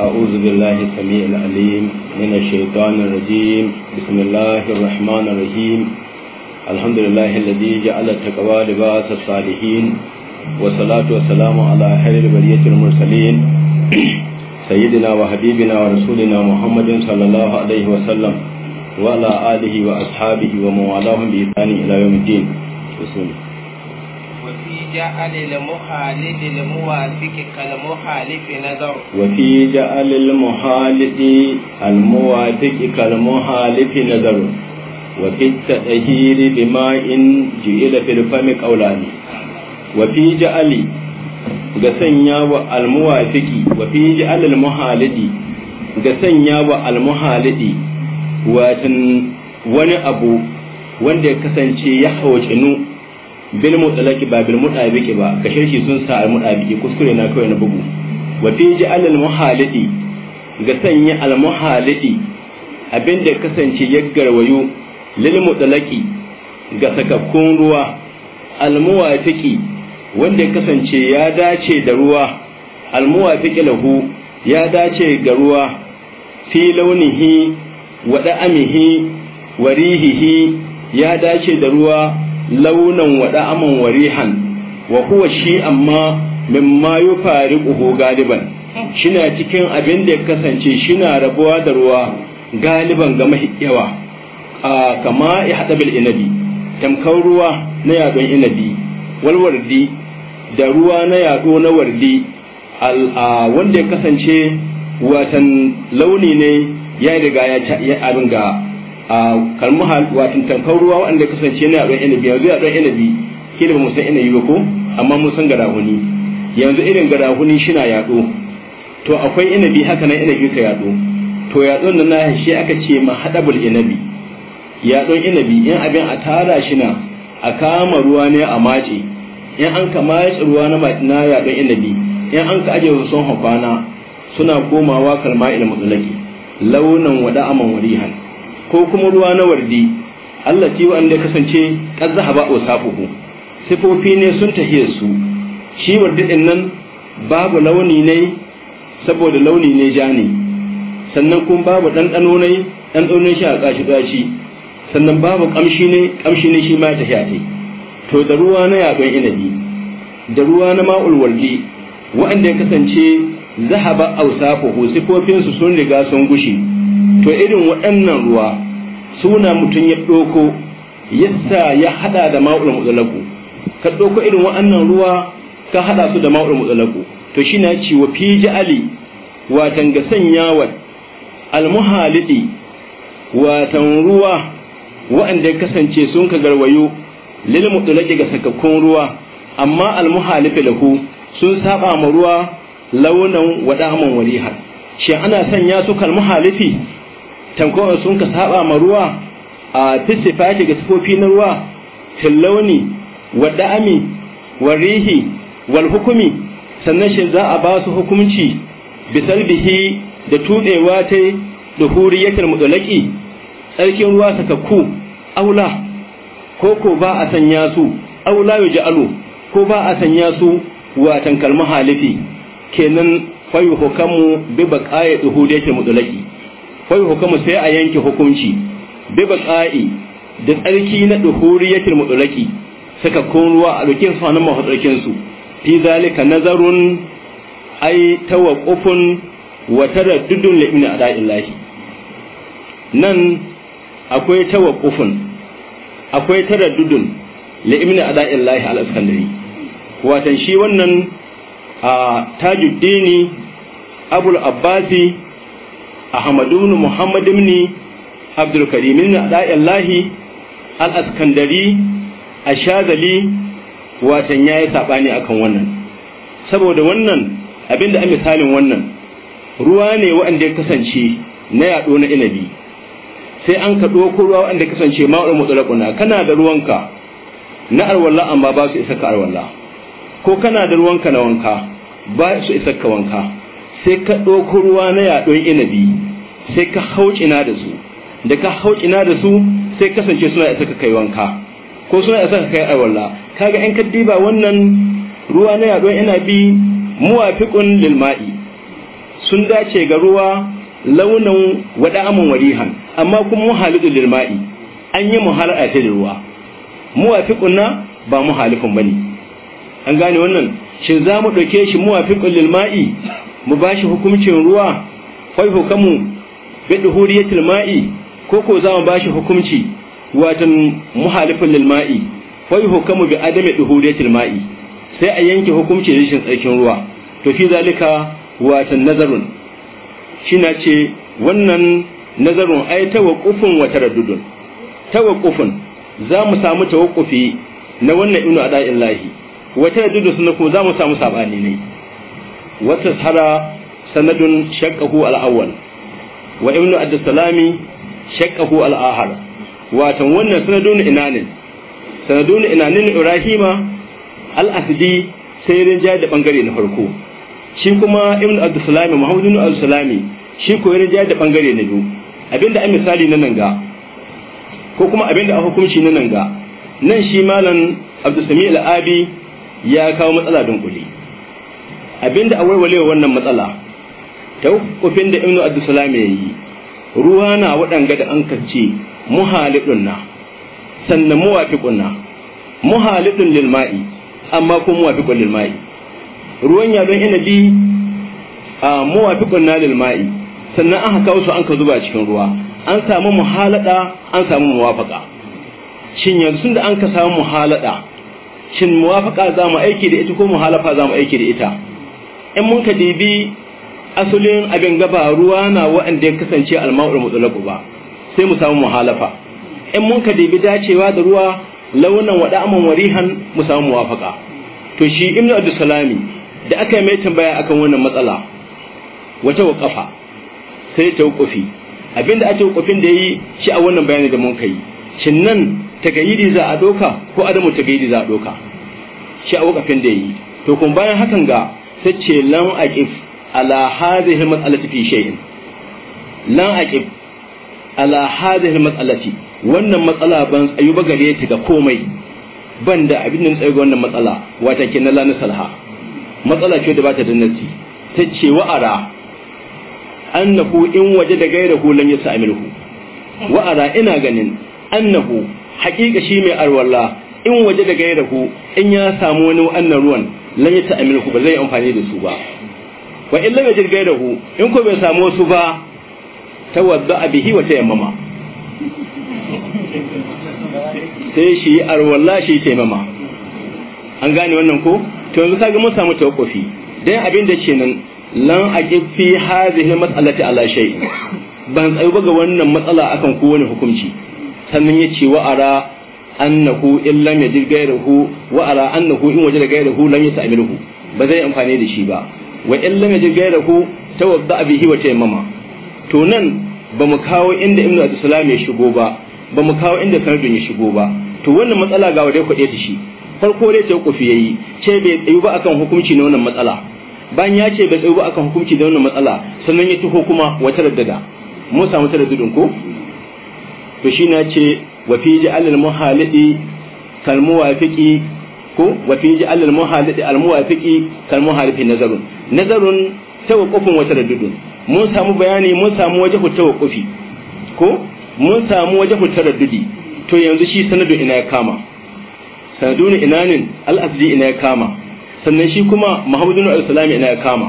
أعوذ بالله السميع العليم من الشيطان الرجيم بسم الله الرحمن الرحيم الحمد لله الذي جعل التقوى لباس الصالحين والصلاة والسلام على خير البرية المرسلين سيدنا وحبيبنا ورسولنا محمد صلى الله عليه وسلم وعلى آله وأصحابه وموالاهم بإحسان إلى يوم الدين بسم الله جعل المخالد الموافق كالمخالف نذر وفي جعل المخالد الموافق كالمخالف نظر وفي التأهير بماء جئل في الفم قولان وفي جعل ga sanya wa almuwafiki wa fi ji alal muhalidi ga sanya wa almuhalidi watan wani abu wanda ya kasance ya hawacinu bil mutalaki ba bil mutabiki ba ka shirki sun sa al mutabiki kuskure na kawai na bugu wa fi ja'al al muhalidi ga sanya al muhalidi abinda kasance ya garwayo lil mutalaki ga sakakkun ruwa al muwafiki wanda kasance ya dace da ruwa al muwafiki lahu ya dace ga ruwa fi launihi wa da'amihi wa rihihi ya dace da ruwa launan waɗa aman warihan wa kuwa shi amma mimma yufariquhu galiban shina cikin abin da ya kasance shina rabuwa da ruwa galiban ga mahiyawa a kama ya hada bil inabi tamkar ruwa na yadon inabi walwardi da ruwa na yado na wardi wanda ya kasance watan launi ne ya riga ya abin ga a kalmuhal wato tankar ruwa wanda kasance yana ɗan inabi yanzu ya ɗan inabi ke ba mu inabi ba ko amma musan san garahuni yanzu irin garahuni shina yaɗo to akwai inabi haka nan inabi ka yaɗo to yaɗon nan na shi aka ce ma haɗabul inabi yaɗon inabi in abin a tara shi na a kama ruwa ne a mace in an ka mace ruwa na na yaɗon inabi in an ka ajiye sun hakwana suna komawa kalma ilmutsulaki launin wada aman warihan ko kuma ruwa na wardi Allah ci wanda ya kasance kan zahaba usafuhu sifofi ne sun tahiye su shi wardi din nan babu launi ne saboda launi ne ja ne sannan kuma babu ɗanɗano ne ɗanɗanon shi a tsashi tsashi sannan babu ƙamshi ne ƙamshi ne shi ma ta shafe to da ruwa na yaɗon inabi da ruwa na ma'ul wardi wa'anda ya kasance zahaba ausafuhu sifofinsu sun riga sun gushe to irin waɗannan ruwa suna mutum ya ɗoko yasa ya haɗa da ma'ul mutsalaku ka ɗoko irin waɗannan ruwa ka haɗa su da ma'ul mutsalaku to shi na ce wa fi ali watan ga sanya wa almuhalidi watan ruwa waɗanda ya kasance sun ka garwayo lil mutsalaki ga sakakkun ruwa amma almuhalifi lahu sun saba ma ruwa launan wadaman walihar shi ana sanya su kalmuhalifi tankon sun ka saba ma ruwa a fisifati ga sifofi na ruwa tallauni wa da'ami wa rihi wal hukumi sannan shi za a ba su hukunci bisalbihi da tudewa ta da huriyatul tsarkin ruwa sakakku aula ko ko ba a sanya su aula yaj'alu ko ba a sanya su wa tankal mahalifi kenan fayu hukamu bi baqa'i duhudiyatul mutlaqi fai hukumu sai a yanke hukunci bi batsa'i da tsarki na duhuriyatul mutulaki suka kun ruwa a dukin sanan mafatsakin su fi zalika nazarun ai tawaqqufun wa taraddudun li min ada'illahi nan akwai tawaqqufun akwai taraddudun li min ada'illahi al-iskandari watan shi wannan a tajuddini abul abbasi ahmadu ibn muhammad ibn abdul karim ibn ada'illahi al-askandari ashazali watan yayi sabani akan wannan saboda wannan abinda a misalin wannan ruwa ne wanda ya kasance na yado na inabi sai an ka ko ruwa wanda ya kasance ma'ul mutlaquna kana da ruwanka na arwalla amma ba su isa ka arwalla ko kana da ruwanka na wanka ba su isa ka wanka sai ka ɗauko ruwa na yaɗon inabi sai ka haucina da su da ka haucina da su sai kasance suna isa ka kai wanka ko suna isa ka kai aiwalla kaga in ka diba wannan ruwa na yaduwa yana bi muwafiqun lilma'i sun dace ga ruwa launin wada'amun warihan amma kuma mu lil an yi muhalata da ruwa muwafiqun na ba muhalifin bane an gane wannan shi za mu ɗauke shi muwafiqun lilma'i mu mu bashi hukuncin ruwa fa bi duhuriyatil ma'i ko ko za mu bashi hukunci watan muhalifin lil ma'i fa yuhkamu bi adami duhuriyatil ma'i sai a yanke hukunci da rashin tsarkin ruwa to fi zalika watan nazarun shine ce wannan nazarun ai tawaqqufun wa taraddudun tawaqqufun za mu samu tawaqqufi na wannan ada illahi wa taraddudun sun ko za mu samu sabani ne wata hara sanadun shakkahu al-awwal wa ibn salami shaqqahu al-ahad watan wannan sanadun inanin sanadun inanin ibrahima al-asdi sai rinja da bangare na farko shi kuma ibn salami muhammad ibn salami shi ko rinja da bangare na biyu abinda a misali na nan ga ko kuma abinda a hukunci na nan ga nan shi malam abdusami al-abi ya kawo matsala dunkuli abinda a waiwalewa wannan matsala tawqufin da ibnu abdussalam ya yi ruwa na waɗanga da an kace muhalidun na sannan muwafiqun na muhalidun lil ma'i amma ko muwafiqun lil ma'i ruwan yadon inabi a muwafiqun na lil ma'i sannan aka kawo su an ka zuba cikin ruwa an samu muhalada an samu muwafaqa shin yanzu da an ka samu muhalada shin muwafaqa za mu aiki da ita ko muhalafa za mu aiki da ita in mun ka dibi asalin abin gaba ruwa na waɗanda ya kasance alma'ul mutlaqu ba sai mu samu muhalafa in mun ka dibi dacewa da ruwa launan wada aman warihan mu samu muwafaka to shi ibnu abdussalami da aka mai tambaya akan wannan matsala wata waqafa sai ta wukufi abinda a wukufin da yi shi a wannan bayani da mun kai shin nan tagayidi za a doka ko adamu tagayidi za a doka shi a wukufin da yi to kun bayan hakan ga sai ce lam aqif ala hadhihi mas'alati fi shay'in lan aqib ala hadhihi mas'alati wannan matsala ban tsayu ba gare ta ga komai banda abin da tsayu ga wannan matsala wata kenan la nasalha matsala ce da ba ta da nasi ta ce wa'ara annahu in waje da gairahu lan yasamilhu wa'ara ina ganin annahu haƙiƙa shi mai arwalla in waje da gairahu in ya samu wani wannan ruwan lan yasamilhu ba zai amfani da su ba wa in lam yajid ghayrahu in ko bai samu wasu ba tawadda bihi wa tayammama sai shi arwalla shi tayammama an gane wannan ko to yanzu kage mun samu tawqufi dan abin da ce nan lan aqib fi hadhihi mas'alati ala shay ban tsayu ba ga wannan matsala akan wani hukunci sannan yace wa ara annahu in lam yajid ghayrahu wa ara annahu in wajada ghayrahu lan yata'miluhu ba zai amfane da shi ba wa in lam yajid ghayrahu tawadda bihi wa tayammama to nan ba mu kawo inda ibnu al-islam ya shigo ba ba mu kawo inda sanadun ya shigo ba to wannan matsala ga wadai kwade ta shi farko dai ta kufi yayi ce bai tsayu ba akan hukunci na wannan matsala bayan ya ce bai tsayu ba akan hukunci na wannan matsala sannan ya tuho kuma wata raddada mun samu taraddudin ko to shi na ce wa fi ja'al al-muhalidi kal muwafiqi ko wa fi ja'al al muhalid al muwafiqi kal muhalifi nazarun nazarun tawqufun wa taraddudun mun samu bayani mun samu wajhu tawqufi ko mun samu wajhu taraddudi to yanzu shi sanadu ina ya kama sanadun inanin al asli ina ya kama sannan shi kuma muhammadun al salam ina ya kama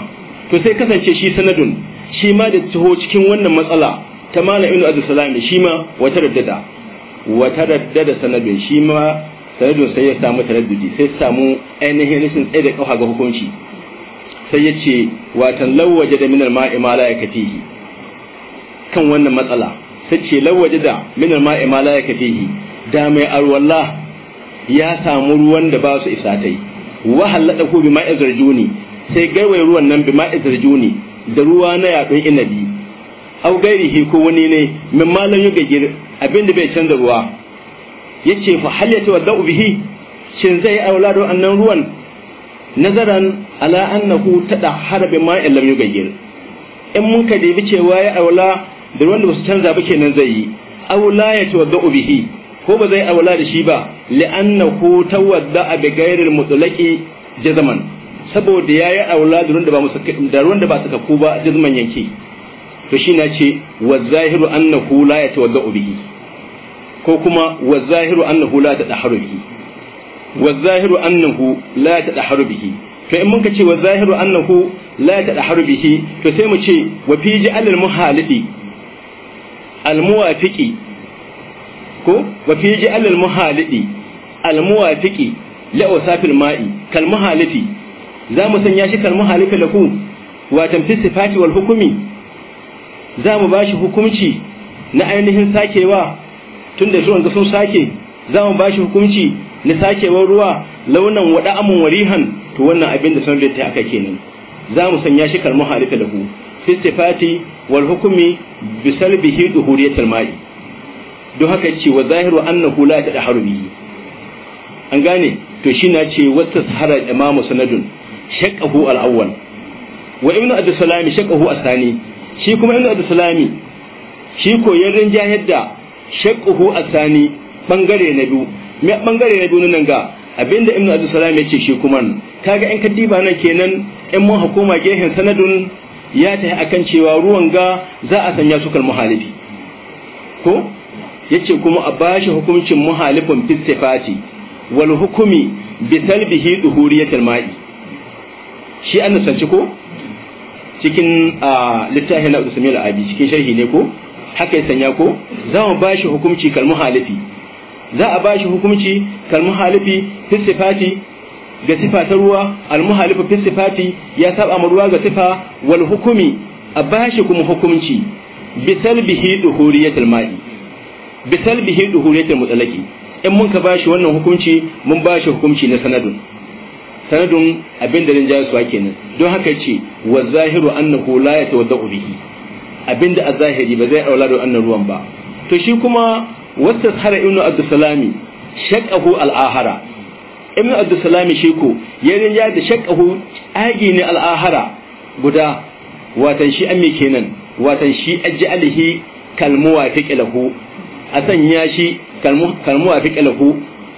to sai kasance shi sanadun shi ma da taho cikin wannan matsala ta malamin al abdul shi ma wata taraddada wa taraddada sanadun shi ma sa'idu sai ya samu taraddudi sai samu ainihin rashin tsaye da kafa ga hukunci sai ya ce watan lawaje da minar ma'i malaikatihi kan wannan matsala sai ce lawaje da minar ma'i malaikatihi da mai arwalla ya samu ruwan da ba su isa tai wa halada ko bi ma'i zarjuni sai gaiwai ruwan nan bi ma'i zarjuni da ruwa na kai inabi au gairihi ko wani ne min malam yugajir abinda bai canza ruwa yace fa hal yatawaddau bihi shin zai aulado annan ruwan nazaran ala annahu tada harbi ma illam yughayyir in mun ka dibi cewa ya aula da ruwan da su canza ba kenan zai yi aula yatawaddau bihi ko ba zai aula da shi ba li'annahu tawadda bi ghayril mutlaqi jazman saboda yayi aula da ruwan da ba da ruwan da ba ka ku ba jazman yanke to shi na ce wa zahiru annahu la yatawaddau bihi ko kuma wa zahiru annahu la tadahharu bihi wa zahiru annahu la tadahharu bihi fa in muka ce wa zahiru annahu la tadahharu bihi to sai mu ce wa fi ja'al muhalifi al muwafiqi ko wa fi ja'al al muhalidi al muwafiqi la wasafil ma'i kal muhalifi za mu sanya shi kal muhalifi lahu wa tamti sifati wal hukumi za mu bashi hukunci na ainihin sakewa tun da shirin sun sake za mu bashi hukunci na sakewar ruwa launan waɗa amin warihan to wannan abin da sanar da ta aka kenan za mu sanya shi kalmu da ku. fi Fati wal hukumi bisal bihi duhuriyatul ma'i don haka ce wa zahiru annahu la da bihi an gane to shi na ce wata sahara imamu sanadun shaqahu al awwal wa ibnu abdussalami shaqahu asani shi kuma ibnu salami shi koyon rinjayar da shakuhu asani bangare na biyu me bangare na biyu nan ga abinda ibnu abdul salam yace shi kuma kaga in kadiba nan kenan in mun hukuma gehen sanadun ya tahi akan cewa ruwan ga za a sanya su muhalifi ko yace kuma a bashi hukuncin muhalifin fistifati wal hukumi bi salbihi duhuriyatul ma'i shi an nasanci ko cikin ah, littafin na Usman abi cikin sharhi ne ko haka ya sanya ko za mu ba shi hukunci kalmu halifi za a ba shi hukunci kalmu halifi fi sifati ga sifa ruwa almuhalifu fi sifati ya saba ma ruwa ga sifa wal hukumi a ba shi kuma hukunci salbihi duhuriyatul ma'i salbihi duhuriyatul mutalaki in mun ka bashi wannan hukumci mun bashi hukunci na sanadun sanadun abin da rinjaya su kenan don haka ce wa zahiru annahu la yatawaddahu bihi abinda a zahiri ba zai aula da wannan ruwan ba to shi kuma wasta tsara ibnu abdusalami shaqahu al-ahara ibnu abdusalami shi ko ya da shaqahu aji ne al-ahara guda watan shi amme kenan watan shi ajalihi kalmuwa fi lahu a sanya shi kalmuwa fi lahu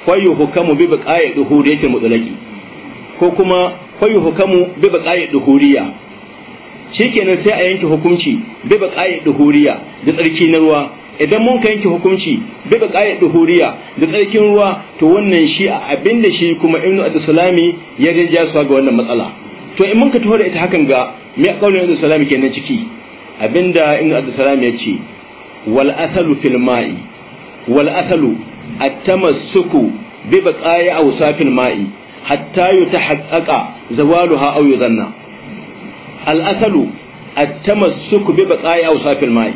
fayu hukamu bi baqa'i duhuriyatil mutlaqi ko kuma fayu hukamu bi baqa'i duhuriyya shikenan sai a yanke hukunci bai ba ƙa'id duhuriya da tsarki na ruwa idan mun ka yanke hukunci bai ba ƙa'id duhuriya da tsarkin ruwa to wannan shi a abinda shi kuma ibnu at-salami ya rinja su ga wannan matsala to in mun ka taho ita hakan ga me kaulin ibnu salami kenan ciki abinda ibnu at-salami ya ce wal asalu fil ma'i wal asalu at-tamassuku bi baqa'i awsafil ma'i hatta yutahaqqaqa zawaluha aw yuzanna al'asalu a at ba bi a usafin ma'i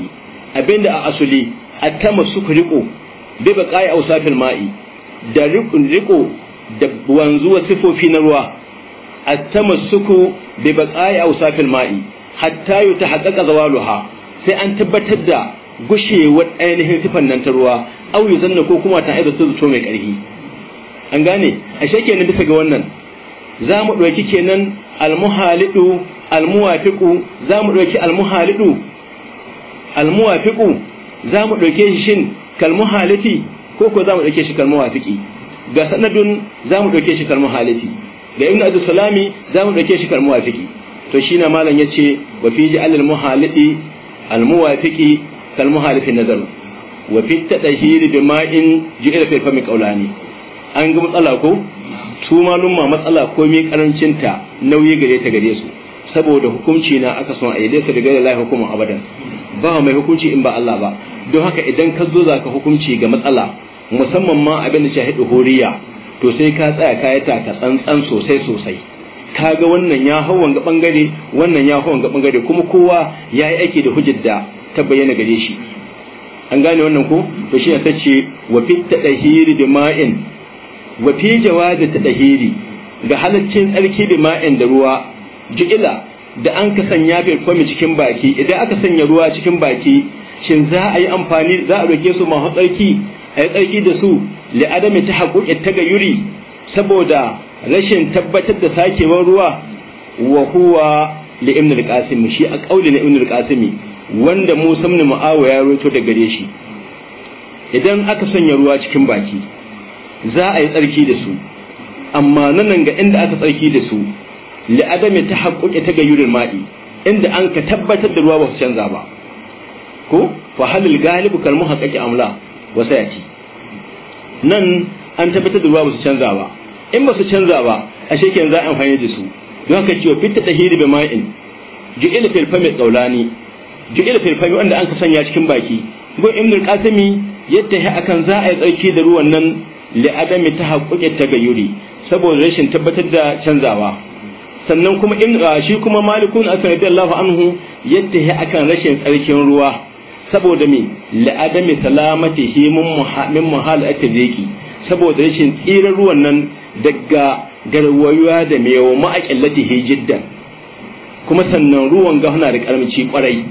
abinda a asuli at-tamassuku riko bi a usafin ma'i da riko da wanzuwa sifofi na ruwa a masu ku bi a usafin ma'i hatta yutahaqqaqa zawaluha sai an tabbatar da gushewar ainihin sifan nan ta ruwa au zanna ko kuma ta aiza su zo mai ƙarfi. an gane ashe kenan bisa ga wannan za mu ɗauki kenan almuhalidu almuwafiqu za mu ɗauki almuhalidu almuwafiqu za mu ɗauke shi shin kalmuhaliti ko ko za mu ɗauke shi kalmuwafiqi ga sanadun za mu ɗauke shi kalmuhaliti ga ibnu abdus salami za mu ɗauke shi kalmuwafiqi to shi na malam ya ce wa fi ji alal muhalidi almuwafiqi kalmuhalifi nazar wa fi tadahiri bi ma'in ju'ila fi fami qaulani an ga matsala ko su malumma matsala ko mi karancin nauyi gare ta gare su saboda hukunci na aka son ayi laysa daga lahi hukumun abadan ba mai hukunci in ba Allah ba don haka idan ka zo zaka hukunci ga matsala musamman ma abin da shahidu horiya to sai ka tsaya ka yi taka tsantsan sosai sosai ka ga wannan ya hawan ga bangare wannan ya hawan ga bangare kuma kowa ya yi aiki da hujjar da ta bayyana gare shi an gane wannan ko to shi ya ce wa fi tadahiri da ma'in wa fi tadahiri ga halaccin tsarki da ma'in da ruwa Jikila da an ka sanya bai kwami cikin baki idan aka sanya ruwa cikin baki shin za a yi amfani za a roke su masu tsarki a yi tsarki da su da adami ta haƙuƙi ta yuri saboda rashin tabbatar da sakewar ruwa wa huwa li ibn al shi a ƙauli na ibn al wanda Musa ibn Muawiya ya roto da gare shi idan aka sanya ruwa cikin baki za a yi tsarki da su amma nan ga inda aka tsarki da su li adami ta haƙƙoƙe ta gayyurin ma'i inda an ka tabbatar da ruwa ba su canza ba ko fa halil galibu kal muhaqqaqi amla wa sayati nan an tabbatar da ruwa ba su canza ba in ba su canza ba ashe kenan za a amfani da su don haka cewa fitta tahiri bi ma'in ju'ila fil fami qawlani ju'ila fil fami wanda an ka sanya cikin baki ko ibnul qasimi yadda ya akan za a yi tsarki da ruwan nan li adami ta haƙƙoƙe ta gayyuri saboda rashin tabbatar da canzawa sannan kuma in shi kuma malikun akan radiyallahu anhu tahi akan rashin tsarkin ruwa saboda me la'adami mun min aka zeki saboda rashin tsirar ruwan nan daga garwayuwa da mewa ma'aƙillatihi jiddan kuma sannan ruwan ga da karamci kwarai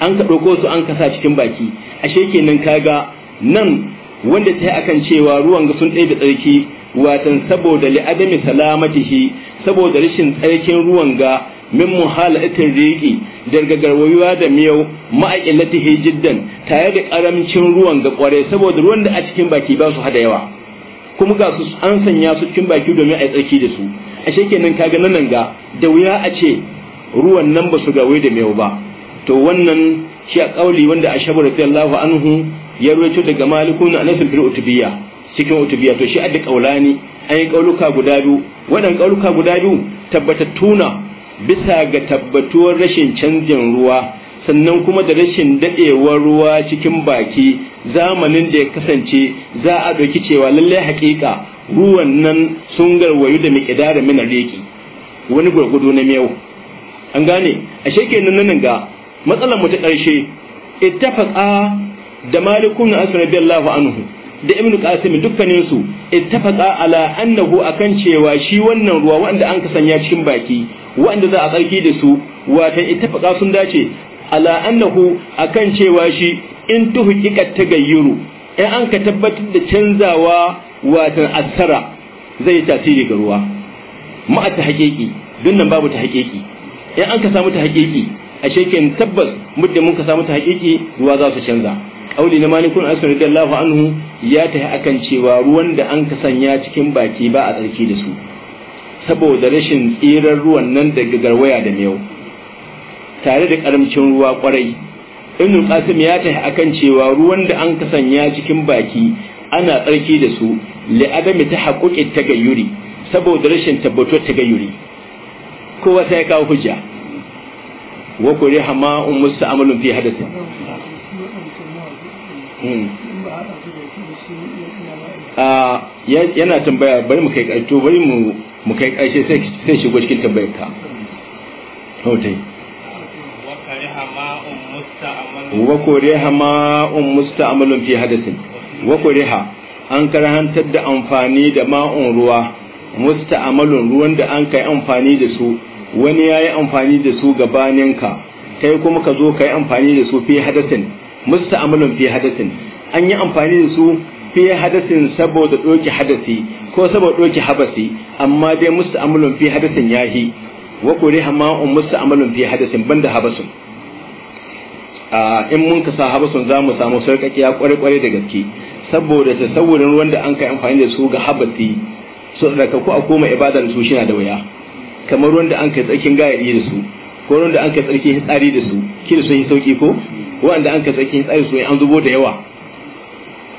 an ka ɗauko su an kasa cikin baki ashe kenan kaga nan wanda ta yi akan cewa ruwan ga sun ɗaya da tsarki watan saboda li'adami salamatihi saboda rashin tsarkin ruwan ga min muhalatin riƙi daga garwayuwa da miyau ma'aƙillatihi jiddan tare da ƙaramcin ruwan ga ƙware saboda ruwan da a cikin baki ba su hada yawa kuma ga su an sanya su cikin baki domin a yi tsarki da su ashe kenan kaga nan ga da wuya a ce ruwan nan ba su gawe da miyau ba to wannan shi a ƙauli wanda a shabu radiyallahu anhu ya ruwaito daga malikuna anas bil utubiyya cikin utubiya to shi adda kaulani an yi kauluka guda biyu waɗannan kauluka guda biyu tabbatattuna bisa ga tabbatuwar rashin canjin ruwa sannan kuma da rashin daɗewar ruwa cikin baki zamanin da ya kasance za a ɗauki cewa lallai haƙiƙa ruwan nan sun garwayu da miƙidara mina reki wani gwargwado na miyau an gane a shekenan nan ga matsalar mu ta ƙarshe ittafaqa da malikun asra radiyallahu anhu da ibnu qasim dukkanin su ittafaqa ala annahu akan cewa shi wannan ruwa wanda an kasanya cikin baki wanda za a tsarki da su watan ittafaqa sun dace ala annahu akan cewa shi in tuhqiqa tagayyuru in an ka tabbatar da canzawa watan asara zai tasiri ga ruwa ma'a ta haƙiƙi dunnan babu ta haƙiƙi in an ka samu ta haƙiƙi a shekin tabbas muddin mun samu ta haƙiƙi ruwa za su canza kauli na malikun da radiyallahu anhu ya tahi akan cewa ruwan da an ka sanya cikin baki ba a tsarki da su saboda rashin tsirar ruwan nan daga garwaya da miyau tare da karamcin ruwa kwarai ibn qasim ya tahi akan cewa ruwan da an ka sanya cikin baki ana tsarki da su li adami tahaqquqi tagayyuri saboda rashin tabbatuwar tagayyuri kowa sai kawo hujja wa hama ummu musta'malun fi hadathin Hmm. Ah, yana tambaya bari mu kai to bari mu kai ƙarshe sai shigo cikin tambayar ka hotai wa ma ma'un musta'amalun fi hadathin wa koreha an karhantar da amfani da ma'un ruwa musta'amalun ruwan da an kai amfani da su wani ya yi amfani da su gabaninka kai kuma ka zo ka yi amfani da su fi hadathin Musta musta'amalan fi hadasin an yi amfani da su fi hadasin saboda doki hadasi ko saboda doki habasi amma dai musta musta'amalan fi hadasin yahi wa kore hama un musta'amalan fi hadasin banda habasun in mun ka sa habasun za mu samu sarkakiya kware-kware da gaske saboda ta ruwan wanda an kai amfani da su ga habasi su daga ku a koma ibadar su shi da waya kamar wanda an kai tsarkin gayaɗi da su ko wanda an kai tsarkin tsari da su kila sun yi sauki ko wanda an ka tsaki tsari su an zubo da yawa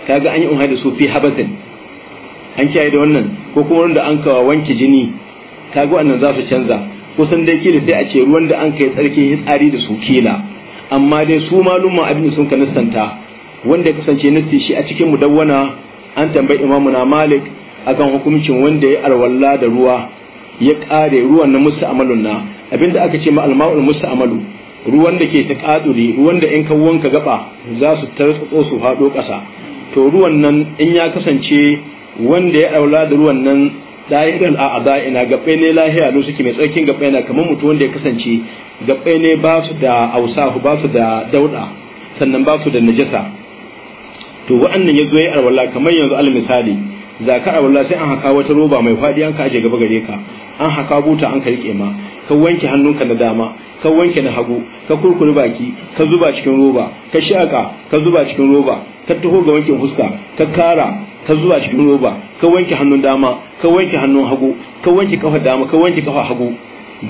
ta ga an yi unhaɗe da su fi habatin an kiyaye da wannan ko kuma wanda an ka wanke jini ta ga wannan za su canza kusan dai kila sai a ce ruwan da an kai tsarki tsari da su kila amma dai su malumma abin sun ka nissanta wanda ya kasance nisti shi a cikin mudawwana an tambayi imamu na malik akan hukuncin wanda ya alwala da ruwa ya kare ruwan na musta na abinda aka ce ma alma'ul musta amalu ruwan da ke ta kaduri ruwan da in kawon ka gaba za su tartsatso su haɗo ƙasa to ruwan nan in ya kasance wanda ya daula da ruwan nan lahiran a ina gabe ne lahiya don suke mai tsarkin gabe na kamar mutum wanda ya kasance gabe ne ba su da ausahu ba su da Dauda sannan ba su da najasa to wa'annan ya zo ya alwala kamar yanzu al misali Zaka ka a sai an haka wata roba mai fadi an kaje gaba gare ka an haka buta an kai kema ka wanke hannunka na dama ka wanke na hagu ka kurkure baki ka zuba cikin roba ka shaka ka zuba cikin roba ka taho ga wankin fuska ka kara ka zuba cikin roba ka wanke hannun dama ka wanke hannun hagu ka wanke kafa dama ka wanke kafa hagu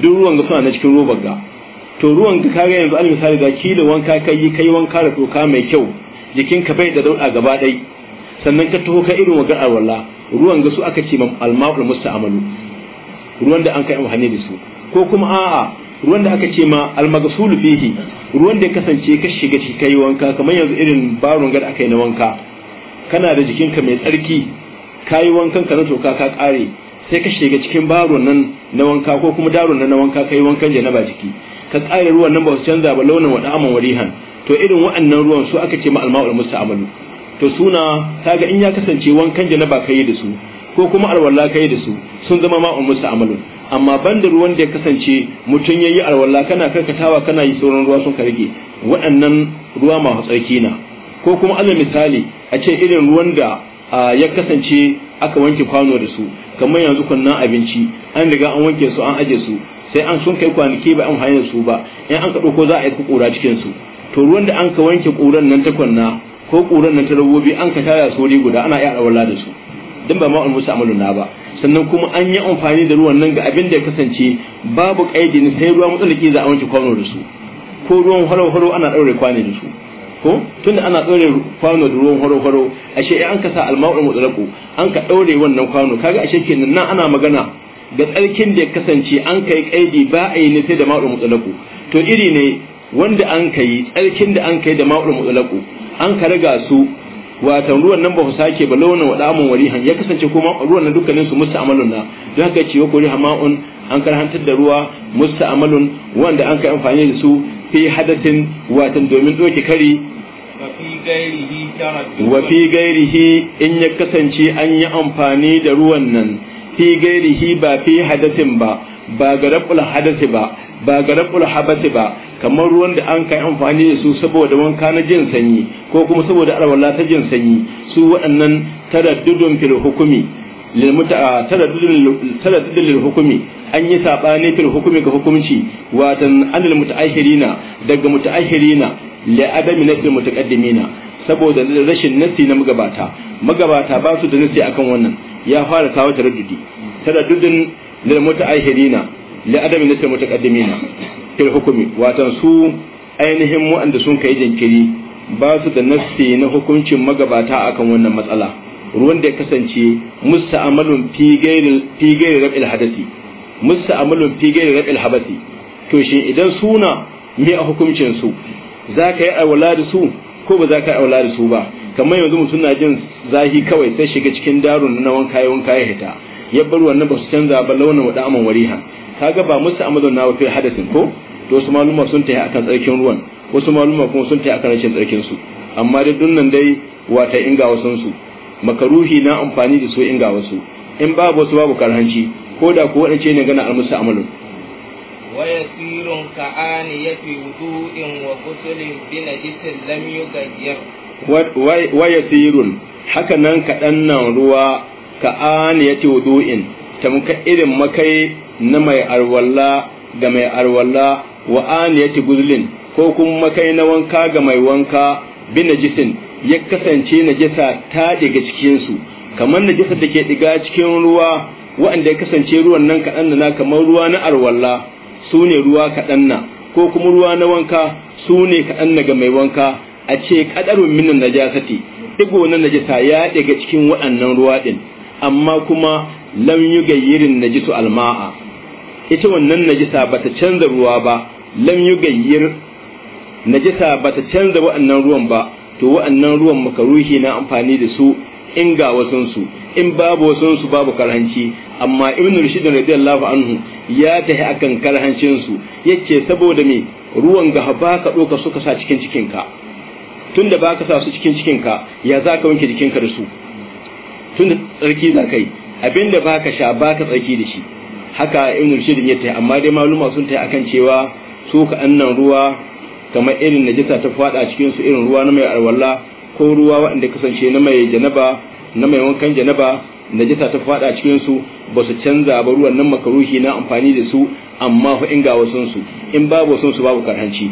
duk ruwan ga suna na cikin robar ga to ruwan ka kaga yanzu al misali da kila wanka kai kai wanka da toka mai kyau jikinka bai da dauɗa gaba ɗaya sannan ka taho ka irin waga alwala ruwan ga su aka ce alma'ul musta'amalu ruwan da an kai amfani da su ko kuma a'a ruwan da aka ce ma almaghsulu fihi ruwan da ya kasance ka shiga ciki kai wanka kamar yanzu irin barun gar aka yi na wanka kana da jikinka mai tsarki kayi wankan ka na toka ka kare sai ka shiga cikin baron nan na wanka ko kuma daron nan na wanka kai wankan ba jiki ka kare ruwan nan ba su canza ba launin wada aman warihan to irin wa'annan ruwan su aka ce ma alma'ul musta'amalu to suna kaga in ya kasance wankan janaba kai da su ko kuma alwala kai da su sun zama musu amalu amma banda ruwan da ya kasance mutum yayi alwala kana karkatawa kana yi sauran ruwa sun karge waɗannan ruwa masu tsarki na ko kuma alal misali a ce irin ruwan da ya kasance aka wanke kwano da su kamar yanzu kunnan abinci an riga an wanke su an aje su sai an sun kai kwanaki ba an hanyar su ba in an ka ko za a yi kura cikin su to ruwan da an ka wanke kuran nan ta kunna ko ƙuran nan ta an ka tara su wuri guda ana iya alwala da su don ba ma'ul amalu na ba sannan kuma an yi amfani da ruwan nan ga abin da ya kasance babu kaidi ne sai ruwa mutsalaki ke za'a wanke kwano da su ko ruwan horo-horo ana ɗaure kwano da su ko tunda ana ɗaure kwano da ruwan horo-horo ashe an ka sa alma'ul mutlaqu an ka ɗaure wannan kwano kaga ashe kenan nan ana magana ga tsarkin da ya kasance an kai kaidi ba a yi ne sai da ma'ul mutlaqu to iri ne wanda an kai tsarkin da an kai da ma'ul mutsalaku an ka riga su watan ruwan nan ba ku sake ba launin wa damun warihan ya kasance kuma ruwan nan dukkanin su musta'malun na don haka ce ko riha ma'un an karhantar da ruwa musta'malun wanda an kai amfani da su fi hadatin watan domin doke kari wa fi gairihi in ya kasance an yi amfani da ruwan nan fi gairihi ba fi hadatin ba ba ga rabul hadasi ba ba ga rabul habasi ba kamar ruwan da an kai amfani da su saboda wanka na jin sanyi ko kuma saboda arwala ta jin sanyi su waɗannan taraddudun fil hukumi taraddudun lil hukumi an yi sabani fil hukumi ga hukunci watan anil mutaahirina daga mutaahirina li adami nasil mutaqaddimina saboda rashin nasi na magabata magabata ba su da nasi akan wannan ya fara kawo taraddudi taraddudun lil mutaakhirina li adami nasl mutaqaddimina fil hukmi watan su ainihin wa'anda sun kai jinkiri ba su da nassi na hukuncin magabata akan wannan matsala ruwan da ya kasance musta'amalun fi gairi fi gairi rab'il hadasi musta'amalun fi gairi rab'il habasi to shi idan suna mai a hukuncin su zaka yi aula da su ko ba za ka yi aula da su ba kamar yanzu mutum na jin zahi kawai sai shiga cikin darun na wanka ya wanka ya hita ya bar wannan ba su canza ba launin wa da'aman wariha kaga ba musu amazon na fi hadasin ko to wasu maluma sun tafi akan tsarkin ruwan wasu maluma kuma sun tafi akan rashin tsarkin su amma dai dunnan dai wata inga wasan su makaruhi na amfani da su inga wasu in babu wasu babu karhanci ko da ko wadance ne gana almusta amalun wa كآنية وضوء وغسل بنجس لم يغير ويسير haka nan kaɗan nan ruwa ka'an ya ce wudu'in tamka irin makai na mai arwalla ga mai arwalla wa an ya guzlin ko kuma makai na wanka ga mai wanka bi najisin ya kasance najisa ta daga cikinsu kamar najisa da ke diga cikin ruwa wa'anda ya kasance ruwan nan kaɗan na kamar ruwa na arwalla su ne ruwa kaɗan na ko kuma ruwa na wanka su ne kaɗan na ga mai wanka a ce kadarun minin najasati ɗigo na najisa ya daga cikin waɗannan ruwa ɗin amma kuma lam yugayyirin najisu alma'a ita wannan najisa bata canza ruwa ba lam yugayyir najisa bata canza wa'annan ruwan ba to wa'annan ruwan makaruhi na amfani da su in ga wasansu in babu wasansu babu karhanci amma ibn rashid radiyallahu anhu ya tahi akan karhancin su yace saboda me ruwan ga ka doka suka sa cikin cikinka tunda baka sa su cikin cikinka ya zaka wanke ka da su tunda tsarki za kai yi abinda baka sha baka tsarki da shi haka in murshidin ya tayi amma dai maluma sun tayi akan cewa su ka annan ruwa kamar irin najisa ta fada cikin su irin ruwa na mai alwala ko ruwa wanda kasance na mai janaba na mai wankan janaba najisa ta fada cikin su ba su canza ba ruwan nan makaruhi na amfani da su amma fa in ga wasun su in babu wasun su babu karhanci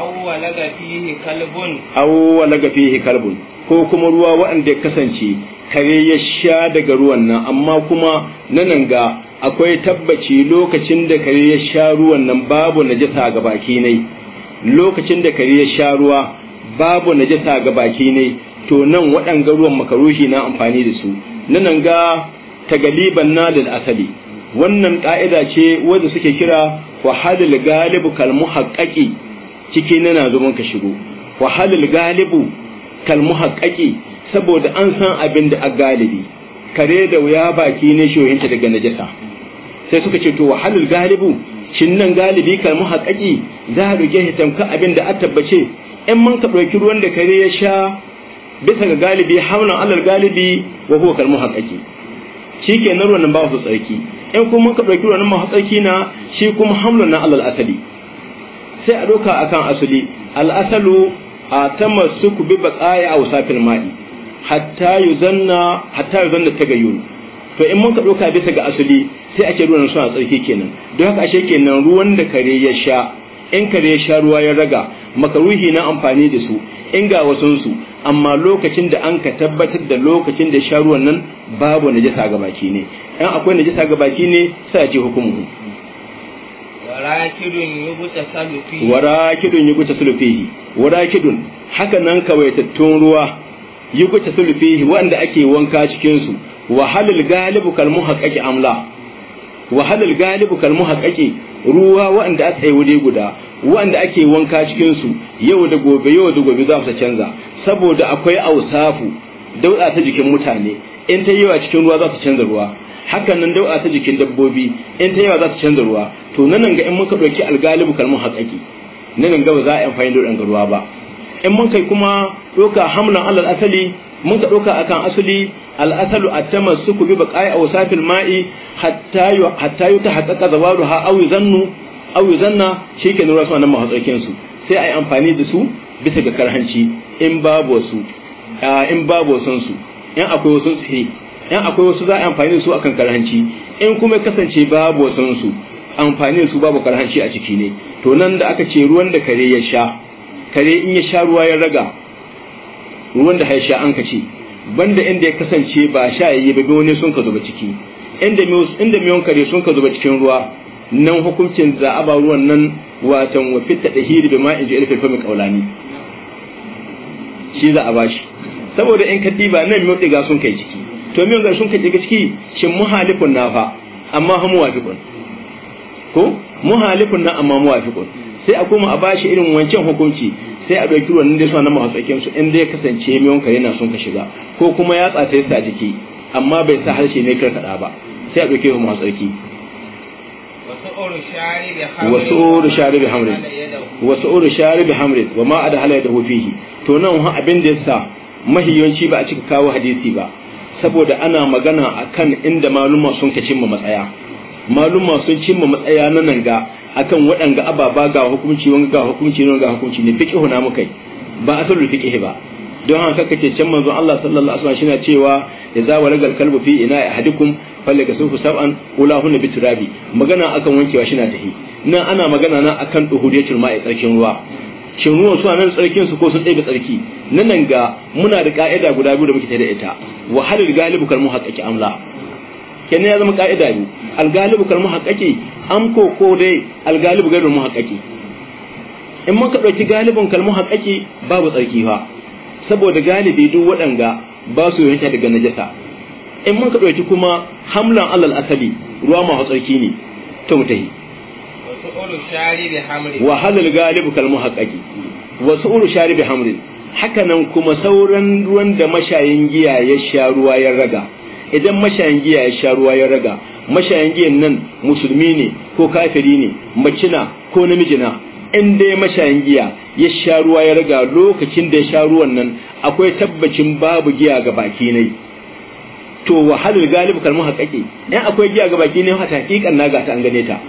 awwalaga fihi kalbun awwalaga fihi kalbun ko kuma ruwa wanda kasance kare ya sha daga ruwan nan amma kuma nan ga akwai tabbaci lokacin da kare ya sha ruwan nan babu najasa ga baki ne lokacin da kare ya sha ruwa babu najasa ga baki ne to nan waɗanga ruwan makaruhi na amfani da su nan ga tagaliban na da asali wannan ƙa'ida ce wanda suke kira halil galibu kalmu muhaqqaqi ciki nana zuban ka shigo halil galibu kalmu muhaqqaqi saboda an san abin da a galibi kare da wuya baki ne shoyinta daga najasa sai suka ce to wahalul galibu shin nan galibi kalmu haƙaƙi za a rige hitamka abin da a tabbace in mun ka ɗauki ruwan da kare ya sha bisa ga galibi haunan alal galibi wa huwa kalmu haƙaƙi shi ke nan ruwan ba su tsarki in kuma mun ka ɗauki ruwan masu tsarki na shi kuma hamlun na alal asali sai a ɗauka akan asali al'asalu a ku bi tsaya a wasafin ma'i hatta yuzanna hatta yuzanna tagayyun to in mun ka doka bisa ga asali sai ake ruwan suna tsarki kenan don haka ashe kenan ruwan da kare ya sha in kare ya sha ruwa ya raga makaruhi na amfani da su in ga wasun su amma lokacin da an ka tabbatar da lokacin da ya sha ruwan nan babu najasa ga baki ne in akwai najasa ga baki ne sai a ce hukumu warakidun yuguta salufihi warakidun haka nan kawaitattun ruwa yukuta sulfihi wanda ake wanka cikin su wa halal galibu kal muhaqqaqi amla wa halal galibu kal muhaqqaqi ruwa wanda a tsaye wuri guda wanda ake wanka cikin su yau da gobe yau da gobe za su canza saboda akwai ausafu dauda ta jikin mutane in ta yawa cikin ruwa za su canza ruwa hakan nan dauda ta jikin dabbobi in ta yawa za su canza ruwa to nan ga in muka dauki algalibu kal muhaqqaqi nan ga ba za a yi amfani da ruwa ba in mun kai kuma doka hamlan alal asali mun ka doka akan asali al asalu atama suku bi baqa'i safil ma'i hatta yu hatta yu tahaqqaqa zawaruha aw yuzannu aw yuzanna shikenan rasu nan mahatsakin su sai ai amfani da su bisa ga karhanci in babu su in babu sun su in akwai wasu su in akwai wasu za a amfani da su akan karhanci in kuma kasance babu sun su amfani da su babu karhanci a ciki ne to nan da aka ce ruwan da kare ya sha kare in ya sha ruwa ya raga ruwan da haisha an ka ce banda inda ya kasance ba sha yayi ba wani sun ka zuba ciki inda inda miyon kare sun ka zuba cikin ruwa nan hukuncin za a ba ruwan nan watan wa fitta dahiri bi ma'in ji'il fil fami qawlani shi za a bashi saboda in ka diba nan miyon diga sun kai ciki to miyon ga sun kai ciki shin muhalifun nafa amma hamu wafiqun ko muhalifun na amma muwafiqun sai a koma a bashi irin wancan hukunci sai a ɗauki wannan da suna na mawasakin su in dai kasance miyon kare na sun ka shiga ko kuma ya tsata ya sa jiki amma bai sa harshe ne kaɗa ba sai a ɗauke su mawatsaki wasu uru shari bi hamrin wasu uru shari bi hamrin wa ma a da halaye da hufihi to nan wani abin da ya sa mahiyanci ba a cika kawo hadisi ba saboda ana magana akan inda maluma sun ka cimma matsaya maluma sun cimma matsaya na nan ga akan waɗanga ababa ga hukunci wanga ga hukunci wanga ga hukunci ne fiqhu na mukai ba asalul fiqhi ba don haka kace can manzon Allah sallallahu alaihi wasallam shine cewa wa ragal kalbu fi ina ahadikum falyakasuhu sab'an bi turabi magana akan wankewa shina tahi nan ana magana na akan duhuriyatul ma'i tsarkin ruwa shin ruwan suna nan tsarkin su ko sun ɗaya tsarki nan nan ga muna da ka'ida guda biyu da muke da ita halil galibu kal muhaqqiqi amla kenan ya zama ka'ida ne algalibu kal muhaqqaqi am ko ko dai algalibu gairul muhaqqaqi in mun ka galibin kalmu muhaqqaqi babu tsarki fa saboda galibi duk waɗanga ba su yanke daga najasa in mun ka kuma hamlan alal asali ruwa ma tsarki ne to mutahi wa halal galibu kal muhaqqaqi wa shari sharibi hamrin hakanan kuma sauran ruwan da mashayin giya ya sha ruwa ya raga idan mashayin giya ya sha ruwa ya raga mashayin giyan nan musulmi ne ko kafiri ne macina ko namijina in dai mashayin giya ya sha ruwa ya raga lokacin da ya sha ruwan nan akwai tabbacin babu giya ga baki ne to wahalul galib kalmu haƙaƙe in akwai giya ga baki ne hata haƙiƙan na gata an gane ta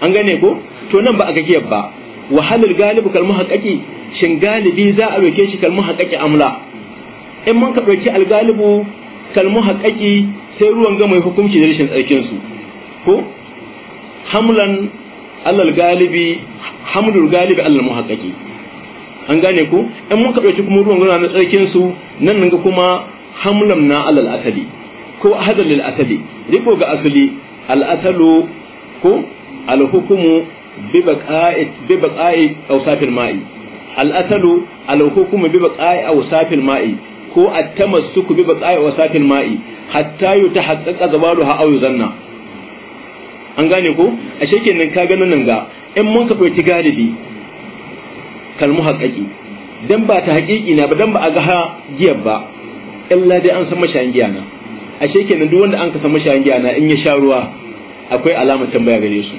an gane ko to nan ba a giyar ba wahalul galib kalmu haƙaƙe shin galibi za a roke shi kalmu haƙaƙe amla in mun ka ɗauki algalibu kalmu haƙaƙi sai ruwan ga mai hukunci da rashin tsarkinsu ko hamlan allal galibi hamdul galibi allal muhaqqaqi an gane ko in mun ɗauki kuma ruwan gana na tsarkinsu nan ga kuma hamlan na allal asali ko hadal lil asali riko ga asali al asalu ko al hukumu bi baqa'i bi baqa'i awsafil ma'i al asalu al hukumu bi baqa'i awsafil ma'i ko a at-tamassuku bi wa wasatil ma'i hatta zabaru ha aw zanna an gane ko ashe nan ka ganin nan ga in mun ka dauki galibi kalmu haƙaƙi dan ba ta haƙiƙi na ba dan ba a ga giyar ba illa dai an san mashayin giya na ashe nan duk wanda an ka san mashayin giya na in ya sha ruwa akwai alamar tambaya gare su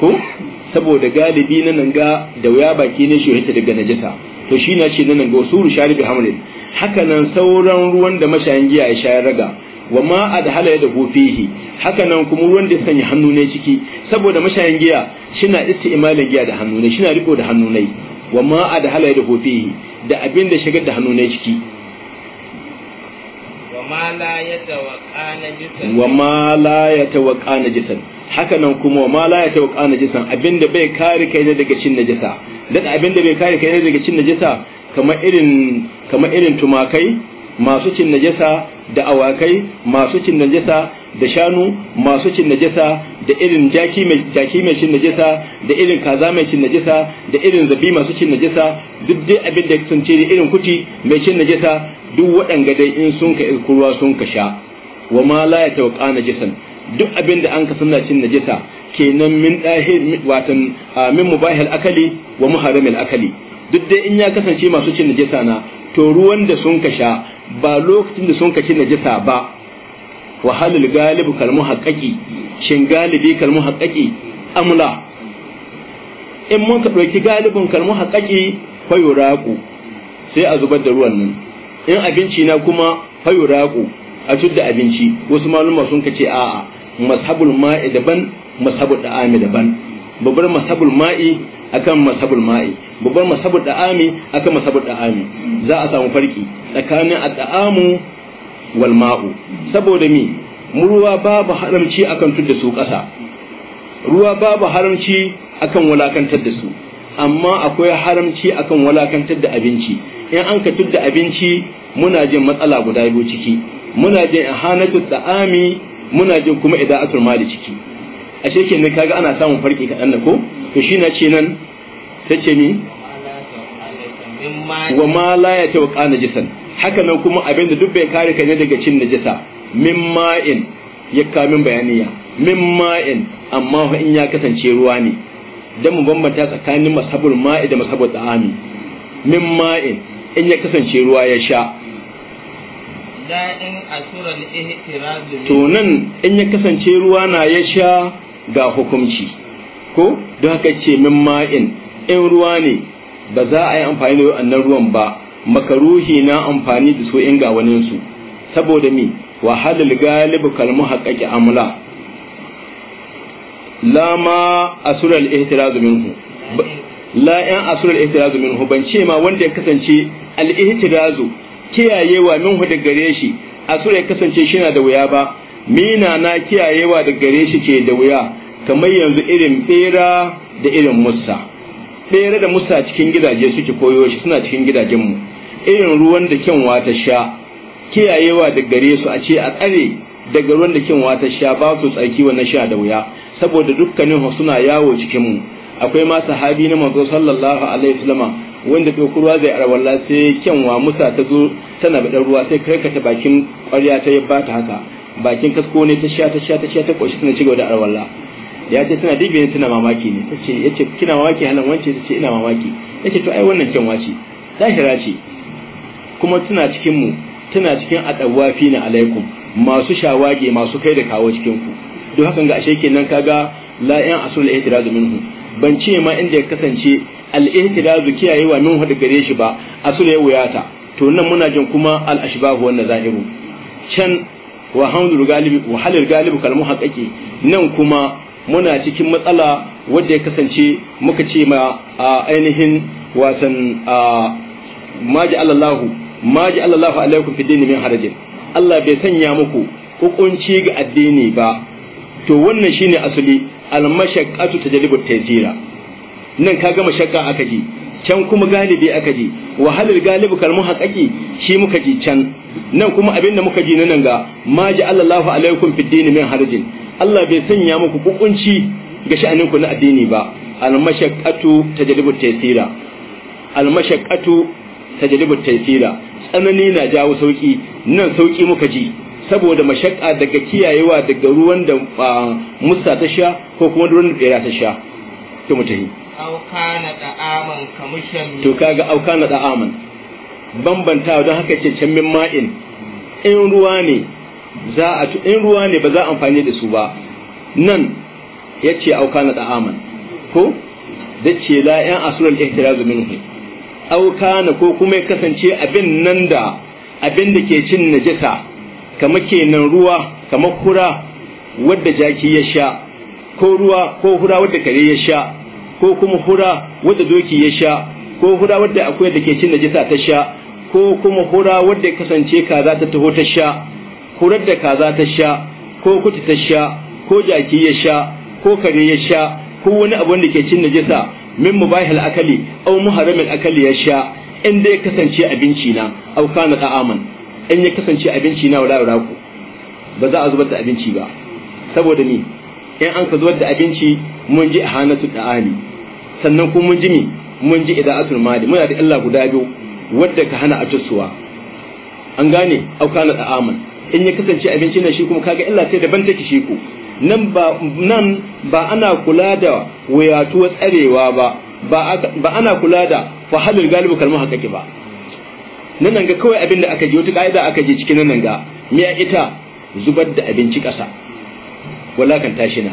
ko saboda galibi na nan ga da wuya baki ne shi yake daga najasa to shi na shi na nan ga usulu sharibi hamlin hakanan sauran ruwan da mashayin giya ya shayar raga wa ma adhala da fihi hakanan kuma ruwan da ya sanya hannu ne ciki saboda mashayin giya shina isti'malin giya da hannu ne shina riko da hannu ne wa ma adhala da halaye da abin da shigar da hannu ne ciki wa ma la yatawaqqa najisan hakanan kuma wa ma la ya jisan abin da bai kare kai ne daga cin najasa dan abinda bai kare kai ne daga cin najasa kamar irin kamar irin tumakai masu cin najasa da awakai masu cin najasa da shanu masu cin najasa da irin jaki mai jaki mai cin najasa da irin kaza mai cin najasa da irin zabi masu cin najasa duk dai abin da sun ce irin kuti mai cin najasa duk waɗanga dai in sun ka ruwa sun ka sha wa ma la ya tawqa najasan duk abin da an ka sunna cin najasa kenan min dahir watan min mubahil akali wa muharramil akali duk dai in ya kasance masu cin najasa na to ruwan da sun kasha ba lokacin da sun kaci najasa ba wa halil galibu kalmu haƙaƙi shin galibi kalmu haƙaƙi amla in mun ka ɗauki galibin kalmu haƙaƙi fayuraku sai a zubar da ruwan nan in abinci na kuma fayuraku a da abinci wasu maluma sun kace a'a mashabul ma'i daban mashabul da'ami daban babbar masabul ma'i akan masabul ma'i babbar masabul da'ami akan masabul da'ami za a samu farki tsakanin at'amu wal ma'u saboda mi ruwa babu haramci akan tudda su ƙasa ruwa babu haramci akan walakantar da su amma akwai haramci akan walakantar da abinci in an ka tudda abinci muna jin matsala guda biyu ciki muna jin ihanatu da'ami muna jin kuma ida'atul mali ciki ashe ne kaga ana samun farki kaɗan da ko to shi na ce nan ta ce ni wa ma la ya tawqa najisan haka nan kuma abin da duk bai kare kai ne daga cin najisa min ma'in ya kamin bayaniya min ma'in amma in ya kasance ruwa ne dan mu bambanta tsakanin masabul ma'i da masabul ta'ami min ma'in in ya kasance ruwa ya sha to nan in ya kasance ruwa na ya sha ga hukunci ko don haka ce min ma'in in ruwa ne ba za a yi amfani da wannan ruwan ba makaruhi na amfani da su in ga wani su saboda mi wahalal galibu kalmu haƙaƙi amula. la ma asural ihtirazu minhu la yan minhu ban ce ma wanda ya kasance al ihtirazu kiyayewa minhu da gare shi asura ya kasance shi na da wuya ba mina na kiyayewa da gare shi ke da wuya kamar yanzu irin bera da irin musa bera da musa cikin gidaje suke koyo shi suna cikin gidajenmu irin ruwan da kyanwa ta sha kiyayewa da gare su a ce a tsare daga ruwan da kyanwa ta sha ba su tsarki wannan sha da wuya saboda dukkanin suna yawo cikin mu akwai ma sahabi na manzo sallallahu alaihi wasallama wanda ɗauki kurwa zai arwalla sai kyanwa musa ta zo tana da ruwa sai karkata bakin ƙwarya ta yabba ta haka bakin kasko ne ta sha ta sha ta sha ta koshi tana cigaba da arwalla ya ce tana dibi ne tana mamaki ne ta ce ya ce kina mamaki halin wance ta ce ina mamaki ya ce to ai wannan kyanwa ce zahira ce kuma tana cikin mu tana cikin adawafi na alaikum masu shawage masu kai da kawo cikin ku don hakan ga ashe kenan kaga la yan asul ihtiraz minhu ban ce ma inda ya kasance al ihtiraz kiyayewa min hu gare shi ba asul ya wuyata to nan muna jin kuma al ashbahu wannan zahiru can wa galibi wa halil kalmu haƙaƙi nan kuma muna cikin matsala wadda ya kasance muka ce ma ainihin watan maji allallahu maji allallahu alaikum fi dini min harajin Allah bai sanya muku hukunci ga addini ba to wannan shine asali almashaqqatu tajlibu taysira nan kaga mashaqqa aka ji can kuma galibi aka ji wahalar galibu kalmu haƙaƙi shi muka ji can nan kuma abin da muka ji na nan ga ma ji Allahu alaikum fi dini min harajin Allah bai sanya muku kukunci ga sha'anin ku na addini ba al mashaqqatu tajribu taysira al tajribu taysira tsanani na jawo sauki nan sauki muka ji saboda mashaqqa daga kiyayewa daga ruwan da ah, musa ta sha ko kuma ruwan da ta sha to mutahi aukana da'aman kamushan to kaga aukana da'aman bambanta don haka ce can ma'in in ruwa ne za a in ruwa ne ba za a amfani da su ba nan yace aukana da'aman ko da ce la yan asural ihtiraz minhu aukana ko kuma ya kasance abin nan da abin da ke cin najasa kama kenan ruwa kama kura wadda jaki ya sha ko ruwa ko hura wadda kare ya sha ko kuma hura wadda doki ya sha ko hura wadda akwai da ke cin najisa ta sha ko kuma hura wadda ya kasance kaza ta taho ta sha hurar da kaza ta sha ko kuti ta sha ko jaki ya sha ko kare ya sha ko wani abu wanda ke cin najisa min mubahil akali aw muharramil akali ya sha in dai kasance abinci na aw kana ta'aman in ya kasance abinci na wala wala ku ba za a zubar da abinci ba saboda ni in an ka zubar da abinci mun ji ahanatu da ali sannan kuma mun ji mi mun ji mali muna da illa guda biyu wadda ka hana a an gane aukana aman. in ya kasance abinci na shi kuma kaga illa sai daban take shi ku nan ba nan ba ana kula da wayatu tsarewa ba ba ana kula da fahalul galibu kalmu hakaki ba nan ga kawai abin da aka ji wata ka'ida aka ji cikin nan ga me ita zubar da abinci ƙasa walakan tashi na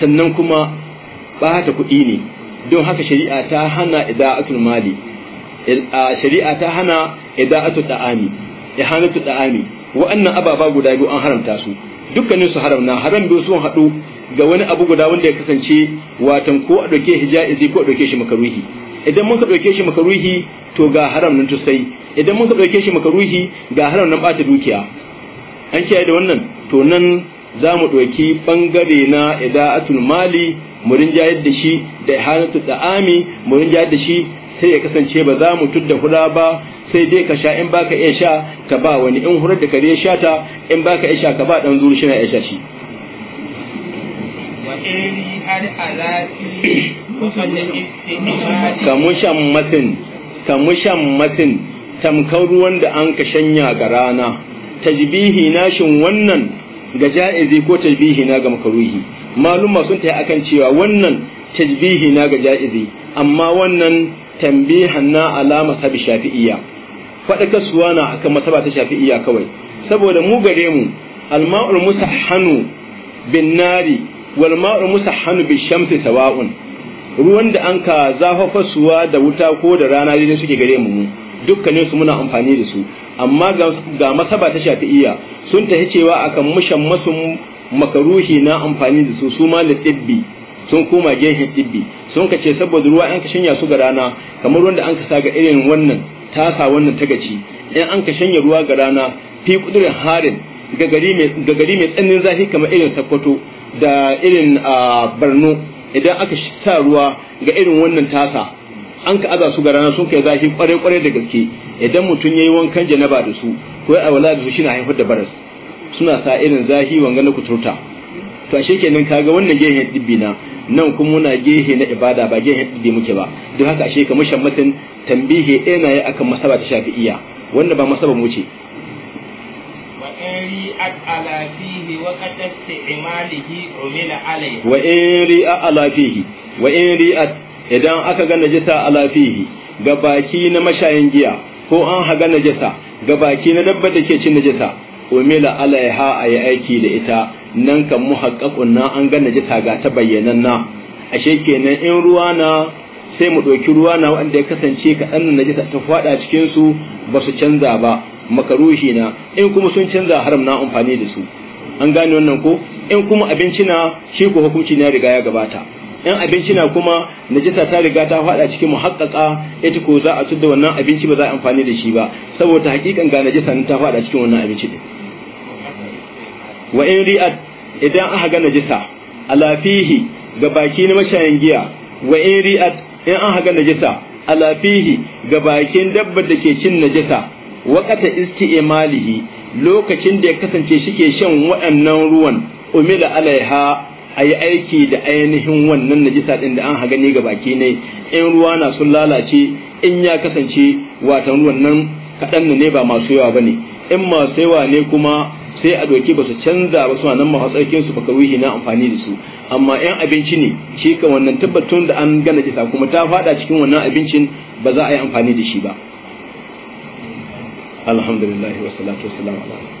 sannan kuma ta kuɗi ne don haka shari'a ta hana ida'atul mali shari'a ta hana ida'atul da'ami ihanatul da'ami wa'annan ababa guda biyu an haramta su dukkanin su haram na haram biyu sun haɗu ga wani abu guda wanda ya kasance watan ko a ɗauke hijazi ko a ɗauke shi makaruhi idan muka ɗauke shi makaruhi to ga haram nan sai idan muka ɗauke shi makaruhi ga haram nan ɓata dukiya an kiyaye da wannan to nan za mu ɗauki ɓangare na ida'atul mali mu jayar da shi da da Ami mu jayar da shi sai ya kasance ba za mu tudda hura ba sai dai ka sha in baka iya sha ka ba wani in hurar da kare sha ta in baka iya sha ka ba dan zuri shi na iya sha shi kamushan matin kamushan matin tamkar ruwan da an ka shanya ga rana tajbihi nashin wannan ga ja'izi ko tajbihi na ga makaruhi maluma sun ta akan cewa wannan tajbihi na ga ja'izi amma wannan tambihan na alama sabi shafi'iyya faɗakarsuwa na akan masaba ta shafi'iyya kawai saboda mu gare mu alma'ul musahhanu bin nari wal ma'ul musahhanu bin shamsi sawa'un ruwan da an ka zafafasuwa da wuta ko da rana dai suke gare mu dukkanin su muna amfani da su amma ga masaba ta shafi'iyya sun tafi cewa akan mushan masu makaruhi na amfani da su su ma da tibbi sun koma gehen tibbi sun ka ce saboda ruwa an ka shanya su ga rana kamar wanda an ka sa ga irin wannan tasa wannan ta gaci. in an ka shanya ruwa ga rana fi kudurin harin ga gari mai tsananin zafi kamar irin sakwato da irin barno idan aka sa ruwa ga irin wannan tasa an ka aza su ga rana sun kai zafi kwarai kwarai da gaske idan mutum ya yi wankan janaba da su ko a wala da shi na haifar da baras suna sa irin zahi wanga na kuturta to ashe kenan kaga wannan gehe dibbi na nan kuma muna gehe na ibada ba gehe dibbi muke ba don haka ashe kamar shammatin tambihi ɗaya na yi akan masaba ta shafi'iyya wanda ba masaba mu ce wa in ri'a ala fihi wa in ri'at idan aka ga najisa ala fihi ga baki na mashayin giya ko an haga najasa ga baki na dabba da ke cin najasa umila alaiha a yi aiki da ita nan kan mu na an ga najasa ga ta bayyananna ashe kenan in ruwa na sai mu ɗauki ruwa na wanda ya kasance kaɗan na najasa ta faɗa cikin su ba su canza ba makarushi na in kuma sun canza haram na amfani da su an gane wannan ko in kuma abinci na shi ko hukunci na riga ya gabata in abinci na kuma najisa ta riga ta fada cikin muhaqqaqa ita ko za a tudda wannan abinci ba za a amfani da shi ba saboda hakikan ga najisa ne ta fada cikin wannan abinci din wa in ri'at idan aka ga najisa ala fihi ga baki na mashayin giya wa in ri'at in aka ga najisa ala fihi ga bakin dabbar da ke cin najisa waqata isti'malihi lokacin da ya kasance shike shan waɗannan ruwan umila alaiha a yi aiki da ainihin wannan najisa ɗin da an haga ne ga baki ne in ruwa na sun lalace in ya kasance watan ruwan nan kaɗan ne ba masu yawa ba ne in masu yawa ne kuma sai a doki ba su canza ba su nan mahatsarkin su baka wihi na amfani da su amma yan abinci ne shi ka wannan tabbatun da an gana jisa kuma ta fada cikin wannan abincin ba za a yi amfani da shi ba alhamdulillah wasu salatu salamu